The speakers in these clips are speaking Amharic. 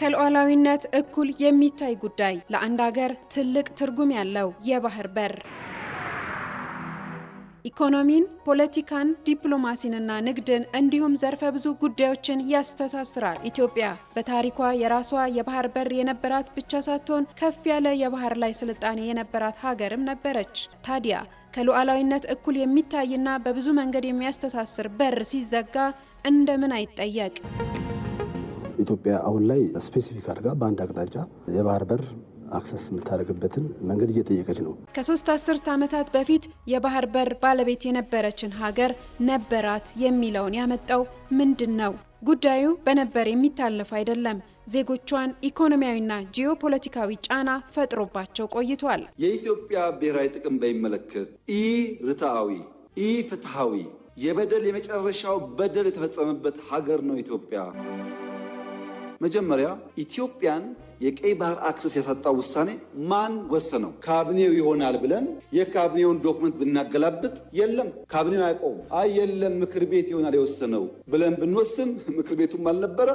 ከሉዓላዊነት እኩል የሚታይ ጉዳይ ለአንድ አገር ትልቅ ትርጉም ያለው የባህር በር ኢኮኖሚን፣ ፖለቲካን፣ ዲፕሎማሲንና ንግድን እንዲሁም ዘርፈ ብዙ ጉዳዮችን ያስተሳስራል። ኢትዮጵያ በታሪኳ የራሷ የባህር በር የነበራት ብቻ ሳትሆን ከፍ ያለ የባህር ላይ ስልጣኔ የነበራት ሀገርም ነበረች። ታዲያ ከሉዓላዊነት እኩል የሚታይና በብዙ መንገድ የሚያስተሳስር በር ሲዘጋ እንደምን አይጠየቅ? ኢትዮጵያ አሁን ላይ ስፔሲፊክ አድርጋ በአንድ አቅጣጫ የባህር በር አክሰስ የምታደርግበትን መንገድ እየጠየቀች ነው። ከሶስት አስርት ዓመታት በፊት የባህር በር ባለቤት የነበረችን ሀገር ነበራት የሚለውን ያመጣው ምንድን ነው? ጉዳዩ በነበር የሚታለፍ አይደለም። ዜጎቿን ኢኮኖሚያዊና ጂኦፖለቲካዊ ጫና ፈጥሮባቸው ቆይቷል። የኢትዮጵያ ብሔራዊ ጥቅም በሚመለከት ኢ ርትዓዊ ኢ ፍትሐዊ የበደል የመጨረሻው በደል የተፈጸመበት ሀገር ነው ኢትዮጵያ። መጀመሪያ ኢትዮጵያን የቀይ ባህር አክሰስ ያሳጣው ውሳኔ ማን ወሰነው? ካቢኔው ይሆናል ብለን የካቢኔውን ዶክመንት ብናገላብጥ የለም ካቢኔው አያውቀውም። አይ የለም ምክር ቤት ይሆናል የወሰነው ብለን ብንወስን ምክር ቤቱም አልነበረ፣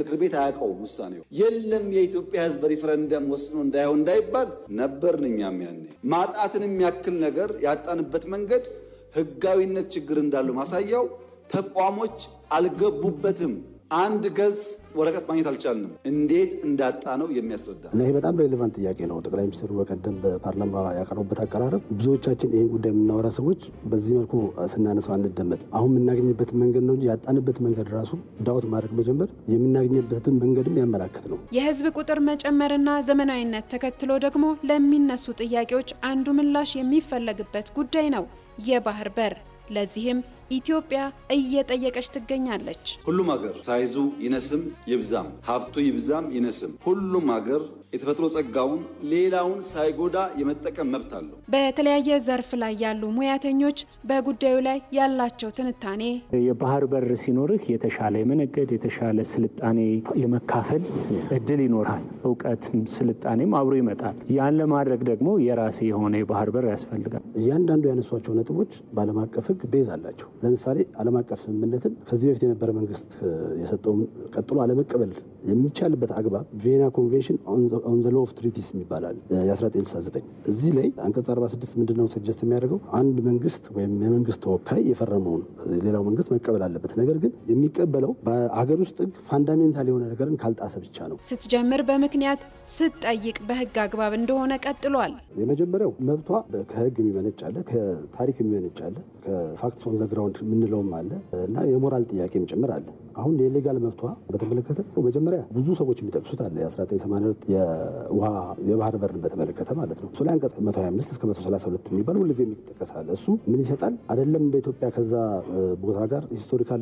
ምክር ቤት አያውቀውም ውሳኔው። የለም የኢትዮጵያ ሕዝብ በሪፈረንደም ወስኖ እንዳይሆን እንዳይባል ነበርን እኛም ያኔ። ማጣትን የሚያክል ነገር ያጣንበት መንገድ ህጋዊነት ችግር እንዳለው ማሳያው ተቋሞች አልገቡበትም። አንድ ገጽ ወረቀት ማግኘት አልቻልንም። እንዴት እንዳጣ ነው የሚያስረዳ እና ይሄ በጣም ሬሌቫንት ጥያቄ ነው። ጠቅላይ ሚኒስትሩ በቀደም በፓርላማ ያቀረቡበት አቀራረብ ብዙዎቻችን ይህን ጉዳይ የምናወራ ሰዎች በዚህ መልኩ ስናነሳው አንደመጥ። አሁን የምናገኝበት መንገድ ነው እንጂ ያጣንበት መንገድ ራሱ ዳውት ማድረግ መጀመር የምናገኝበትን መንገድም ያመላክት ነው። የህዝብ ቁጥር መጨመርና ዘመናዊነት ተከትሎ ደግሞ ለሚነሱ ጥያቄዎች አንዱ ምላሽ የሚፈለግበት ጉዳይ ነው የባህር በር ለዚህም ኢትዮጵያ እየጠየቀች ትገኛለች። ሁሉም ሀገር ሳይዙ ይነስም ይብዛም፣ ሀብቱ ይብዛም ይነስም፣ ሁሉም ሀገር የተፈጥሮ ጸጋውን ሌላውን ሳይጎዳ የመጠቀም መብት አለው። በተለያየ ዘርፍ ላይ ያሉ ሙያተኞች በጉዳዩ ላይ ያላቸው ትንታኔ የባህር በር ሲኖርህ የተሻለ የመነገድ የተሻለ ስልጣኔ የመካፈል እድል ይኖራል። እውቀት ስልጣኔም አብሮ ይመጣል። ያን ለማድረግ ደግሞ የራሴ የሆነ የባህር በር ያስፈልጋል። እያንዳንዱ ያነሷቸው ነጥቦች በዓለም አቀፍ ሕግ ቤዝ አላቸው። ለምሳሌ ዓለም አቀፍ ስምምነትን ከዚህ በፊት የነበረ መንግስት የሰጠውን ቀጥሎ አለመቀበል የሚቻልበት አግባብ ቬና ኮንቬንሽን ኦን ዘ ሎ ኦፍ ትሪቲስ የሚባላል የ1969 እዚህ ላይ አንቀጽ 46 ምንድነው ሰጀስት የሚያደርገው አንድ መንግስት ወይም የመንግስት ተወካይ የፈረመውን ሌላው መንግስት መቀበል አለበት። ነገር ግን የሚቀበለው በሀገር ውስጥ ህግ ፋንዳሜንታል የሆነ ነገርን ካልጣሰ ብቻ ነው። ስትጀምር በምክንያት ስትጠይቅ በህግ አግባብ እንደሆነ ቀጥሏል። የመጀመሪያው መብቷ ከህግ የሚመነጭ አለ፣ ከታሪክ የሚመነጭ አለ፣ ከፋክትስ ኦን ዘ ግራውንድ የምንለውም አለ እና የሞራል ጥያቄም ጭምር አለ። አሁን የሌጋል መብቷ በተመለከተ መጀመሪያ ብዙ ሰዎች የሚጠቅሱት አለ የ1982 የውሃ የባህር በርን በተመለከተ ማለት ነው። እሱ ላይ አንቀጽ 125 እስከ 132 የሚባል ሁልጊዜ የሚጠቀስ አለ። እሱ ምን ይሰጣል? አይደለም እንደ ኢትዮጵያ ከዛ ቦታ ጋር ሂስቶሪካል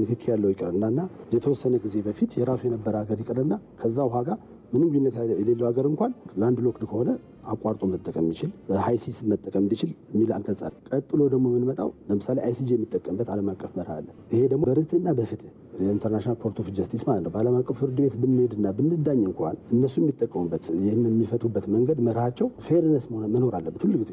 ንክኪ ያለው ይቅርና እና የተወሰነ ጊዜ በፊት የራሱ የነበረ ሀገር ይቅርና ከዛ ውሃ ጋር ምንም ግንኙነት የሌለው ሀገር እንኳን ላንድ ሎክድ ከሆነ አቋርጦ መጠቀም እንዲችል ሃይሲስ መጠቀም እንዲችል የሚል አንቀጽ ቀጥሎ ደግሞ የምንመጣው ለምሳሌ አይሲጂ የሚጠቀምበት ዓለም አቀፍ መርህ አለ። ይሄ ደግሞ በርትና በፍትህ የኢንተርናሽናል ኮርት ኦፍ ጀስቲስ ማለት ነው። በዓለም አቀፍ ፍርድ ቤት ብንሄድና ብንዳኝ እንኳን እነሱ የሚጠቀሙበት ይህን የሚፈቱበት መንገድ መርሃቸው ፌርነስ መኖር አለበት ሁሉ ጊዜ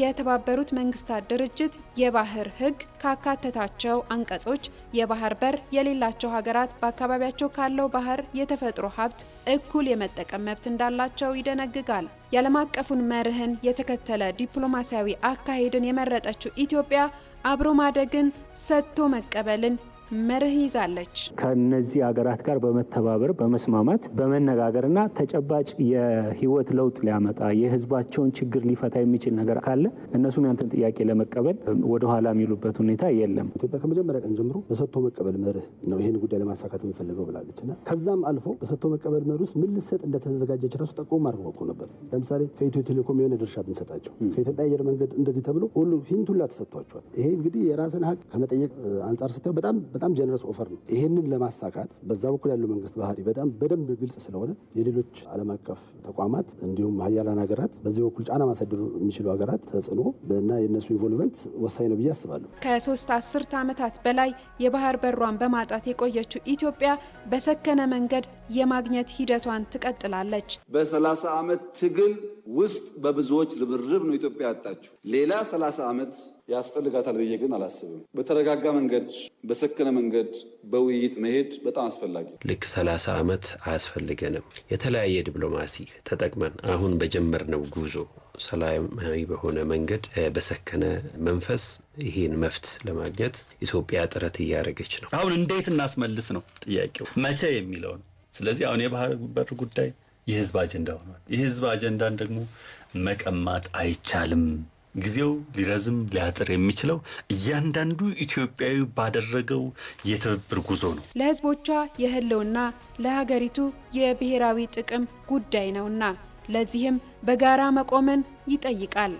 የተባበሩት መንግስታት ድርጅት የባህር ህግ ካካተታቸው አንቀጾች የባህር በር የሌላቸው ሀገራት በአካባቢያቸው ካለው ባህር የተፈጥሮ ሀብት እኩል የመጠቀም መብት እንዳላቸው ይደነግጋል። የዓለም አቀፉን መርህን የተከተለ ዲፕሎማሲያዊ አካሄድን የመረጠችው ኢትዮጵያ አብሮ ማደግን፣ ሰጥቶ መቀበልን መርህ ይዛለች። ከነዚህ ሀገራት ጋር በመተባበር በመስማማት በመነጋገርና ተጨባጭ የህይወት ለውጥ ሊያመጣ የህዝባቸውን ችግር ሊፈታ የሚችል ነገር ካለ እነሱም ያንተን ጥያቄ ለመቀበል ወደኋላ የሚሉበት ሁኔታ የለም። ኢትዮጵያ ከመጀመሪያ ቀን ጀምሮ በሰጥቶ መቀበል መርህ ነው ይህን ጉዳይ ለማሳካት የምፈልገው ብላለች እና ከዛም አልፎ በሰጥቶ መቀበል መርህ ውስጥ ምን ልሰጥ እንደተዘጋጀች ራሱ ጠቆም አድርገው ነበር። ለምሳሌ ከኢትዮ ቴሌኮም የሆነ ድርሻ ብንሰጣቸው፣ ከኢትዮጵያ አየር መንገድ እንደዚህ ተብሎ ሁሉ ሂንቱላ ተሰጥቷቸዋል። ይሄ እንግዲህ የራስን ሀቅ ከመጠየቅ አንጻር ስታየው በጣም በጣም ጀነረስ ኦፈር ነው። ይህንን ለማሳካት በዛ በኩል ያለው መንግስት ባህሪ በጣም በደንብ ግልጽ ስለሆነ የሌሎች ዓለም አቀፍ ተቋማት እንዲሁም ሀያላን ሀገራት በዚህ በኩል ጫና ማሳደሩ የሚችሉ ሀገራት ተጽዕኖ እና የእነሱ ኢንቮልቭመንት ወሳኝ ነው ብዬ አስባለሁ። ከሶስት አስርት ዓመታት በላይ የባህር በሯን በማጣት የቆየችው ኢትዮጵያ በሰከነ መንገድ የማግኘት ሂደቷን ትቀጥላለች። በሰላሳ ዓመት ትግል ውስጥ በብዙዎች ርብርብ ነው ኢትዮጵያ ያጣችው። ሌላ ሰላሳ ዓመት ያስፈልጋታል ብዬ ግን አላስብም። በተረጋጋ መንገድ፣ በሰከነ መንገድ በውይይት መሄድ በጣም አስፈላጊ። ልክ ሰላሳ ዓመት አያስፈልገንም። የተለያየ ዲፕሎማሲ ተጠቅመን አሁን በጀመርነው ጉዞ ሰላማዊ በሆነ መንገድ በሰከነ መንፈስ ይህን መፍት ለማግኘት ኢትዮጵያ ጥረት እያደረገች ነው። አሁን እንዴት እናስመልስ ነው ጥያቄው፣ መቼ የሚለው ነው። ስለዚህ አሁን የባህር በር ጉዳይ የህዝብ አጀንዳ ሆኗል። የህዝብ አጀንዳን ደግሞ መቀማት አይቻልም። ጊዜው ሊረዝም ሊያጥር የሚችለው እያንዳንዱ ኢትዮጵያዊ ባደረገው የትብብር ጉዞ ነው። ለህዝቦቿ የህልውና ለሀገሪቱ የብሔራዊ ጥቅም ጉዳይ ነውና ለዚህም በጋራ መቆምን ይጠይቃል።